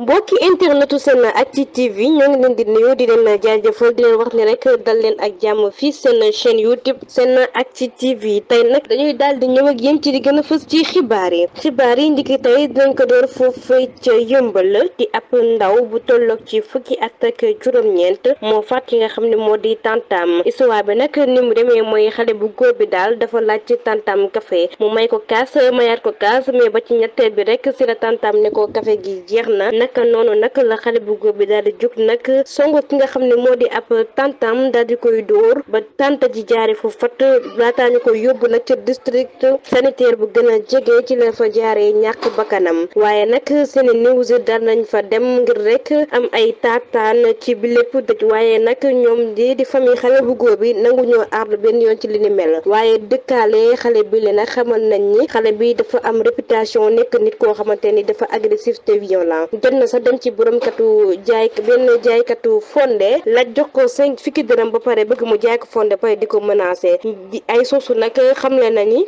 mbokki internetu seen acti tv ñoo ngi leen di nuyu di leen jaajëfal di leen wax ni rek dal leen ak jàmm fii seen chaîne youtube seen acti tv tey nag dañuy daal di ñëw ak yéen ci di gën a fës ci xibaar yi xibaar yi ndiki tey dinañ ko door foofu ca yëmbal di ab ndaw bu tolloog ci fukki at ak ñeent moo faat ki nga xam ne moo di tantam histoire bi nag ni mu demee mooy xale bu góor bi daal dafa laaj ci tantam kafe mu may ko kaas mayaat ko kaas mais ba ci ñetteel bi rek si la tantam gi naka noonu nag la xale bu góor bi daal di jug nag songu ki nga xam ne moo di ab tàntam daal di koy dóor ba tanta ji jaare fu fatt laataa ñu ko yóbbu nag ca district sanitaire bu gën a jege ci la fa jaaree ñàkk bakkanam waaye nag seeni news daal nañ fa dem ngir rek am ay taataan ci bi lépp dëj waaye nag ñoom di di famille xale bu góor bi nangu ñoo ardu benn yoon ci li ni mel waaye dëkkaale xale bi le nag xamal nañ ni xale bi dafa am réputation nekk nit koo xamante ni dafa agressif te violent dem na sax dem ci boromkatu jaay benn jaaykatu fonde la jox ko cinq fukki dërëm ba pare bëgg mu jaay ko fonde pare di ko menacer di ay sources nag xamle na ni.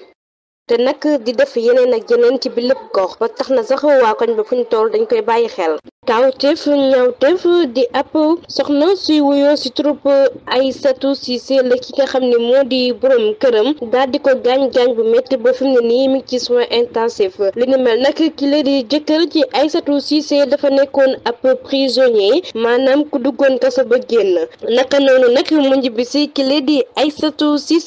te nag di def yeneen ak yeneen ci bi lépp gox ba tax na sax waa koñ ba fu ñu toll dañ koy bàyyi xel kawteef ñawteef di ab soxna suy wuyoo si troupe Aysatu Cissé la ki nga xam ne moo di borom këram daal di ko gaañ-gaañ bu métti ba fi mu ne nii mi ngi ci soins intensifs li ni mel nag ki la di jëkkër ci ay ci Cissé dafa nekkoon ab prisonnier maanaam ku duggoon kaso ba génn naka noonu nag mu bi ki la di ay satou ci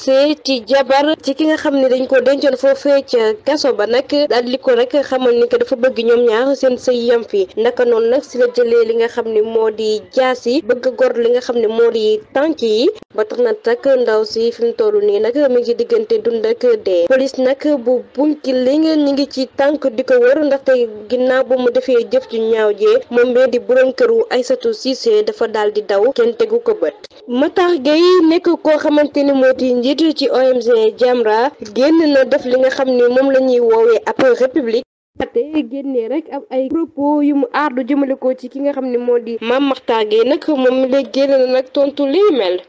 jabar ci ki nga xam ne dañ ko dencoon foofee ca kaso ba nag daal di ko rek xamal ni ko dafa bëgg ñoom ñaar seen sëy yam fi naka noonu noonu nag si la jëlee li nga xam ne moo di jaas yi bëgg gor li nga xam ne moo di tànk yi ba tax na takk ndaw si fi mu toll nii nag mi ngi diggante dund ak dee police nag bu bunki li nga ñu ngi ci tànk di ko ndax ndaxte ginnaaw ba mu defee jëf ju ñaaw jee moom bee di borom këru Aysatu Cissé dafa daal di daw kenn tegu ko bët Matar Gueye nekk koo xamante ni moo di njiitu ci ONG Jamra génn na def li nga xam ni moom la ñuy woowee ab république te génnee rek am ay propos yu mu aardu jëmale ko ci ki nga xam ne moo di Mame Mactar Guèye nag moom la génne na nag tontu li mel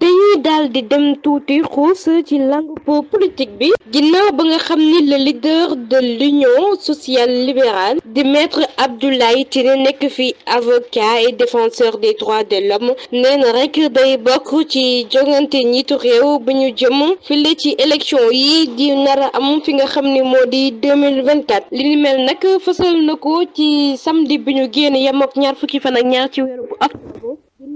dañuy daal di dem tuuti xuus ci langue politique bi ginnaaw ba nga xam ni le leader de l'Union sociale libérale di maître Abdoulaye Tine nekk fi avocat et défenseur des droits de l'homme nee na rek day bokk ci jongante njiitu réew bu ñu jëm file ci élection yi di nar am fi nga xam ni moo di 2024 ni mel nag fësal na ko ci sam di bi ñu génn yem ak ñaar fukki fan ak ñaar ci weeru bu ab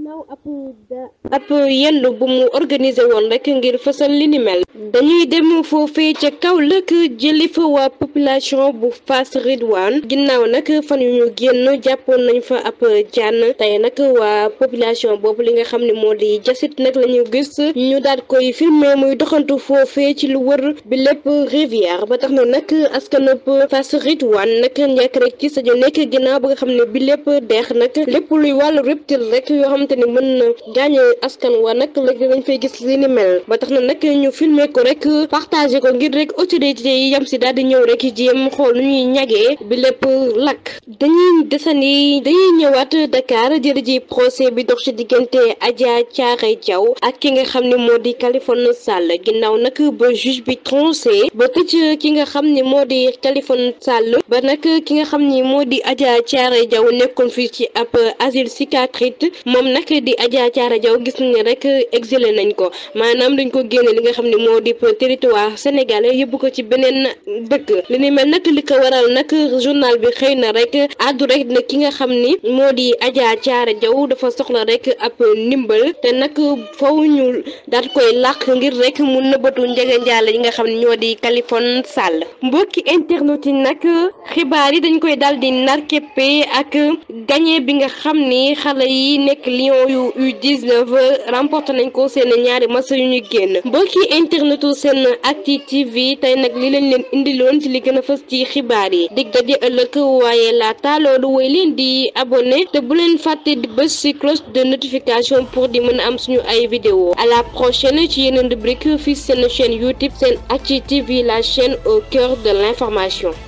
gannaaw ab ab yendu bu mu organisé woon rek ngir fësal li ni mel dañuy dem foofee ca lëkk jëli fa waa population bu Fass Ridwaan ginnaaw nag fan yu ñu génn jàppoon nañ fa ab jàn tey nag waa population boobu li nga xam ne moo di jasit nag lañu ñu gis ñu daal koy filmer muy doxantu foofee ci lu wër bi lépp rivière ba tax na nag askanub Fass Ridwaan nag njëkk rek ci sañu nekk ginnaaw ba nga xam ne bi lépp deex nag lépp luy wàllu reptile rek yoo xamante ne mën na gaañee askan wa nag léegi dañ fay gis li ni mel ba tax na nag ñu filmer ko rek partagé ko ngir rek autorité yi yam si daal di ñëw rek jéem xool nu ñuy ñagee bi lépp lakk dañuy desani dañuy ñëwaat Dakar jël ji procès bi dox ci diggante Adja Thiaré jaw ak ki nga xam ne moo di Kaliphone Sall ginnaaw nag ba juge bi tranché ba tëj ki nga xam ne moo di Kaliphone Sall ba nag ki nga xam ni moo di Adja Thiaré Diaw nekkoon fii ci ab asile psychiatrique moom nag kii di Adja Diarra Diaw gis nañ ne rek exilé nañ ko maanaam dañ ko génne li nga xam ni moo di territoire sénégalais yóbbu ko ci beneen dëkk li ni mel nag li ko waral nag journal bi xëy na rek àddu rek na ki nga xam ni moo di Adja Diarra Diaw dafa soxla rek ab ndimbal te nag faw ñu daat koy làq ngir rek mu nëbbatu njege njaale yi nga xam ne ñoo di Kaliphone Sall mbokki internet yi nag xibaar yi dañ koy daal di narkeppe ak gagné bi nga xam ni xale yi nekk yu U19 remporté nañ ko seen ñaari match yu ñu génn mbokki internetu seen ci tv tey nag li lañ leen indiloon ci li gën a fës ci xibaar yi dig daje ëllëg waaye laata loolu woy leen di abonné te bu leen fàtte di bës ci cloche de notification pour di mën a am suñu ay vidéo à la prochaine ci yeneen rubrique fii seen chaîne YouTube seen ak ci tv la chaîne au cœur de l'information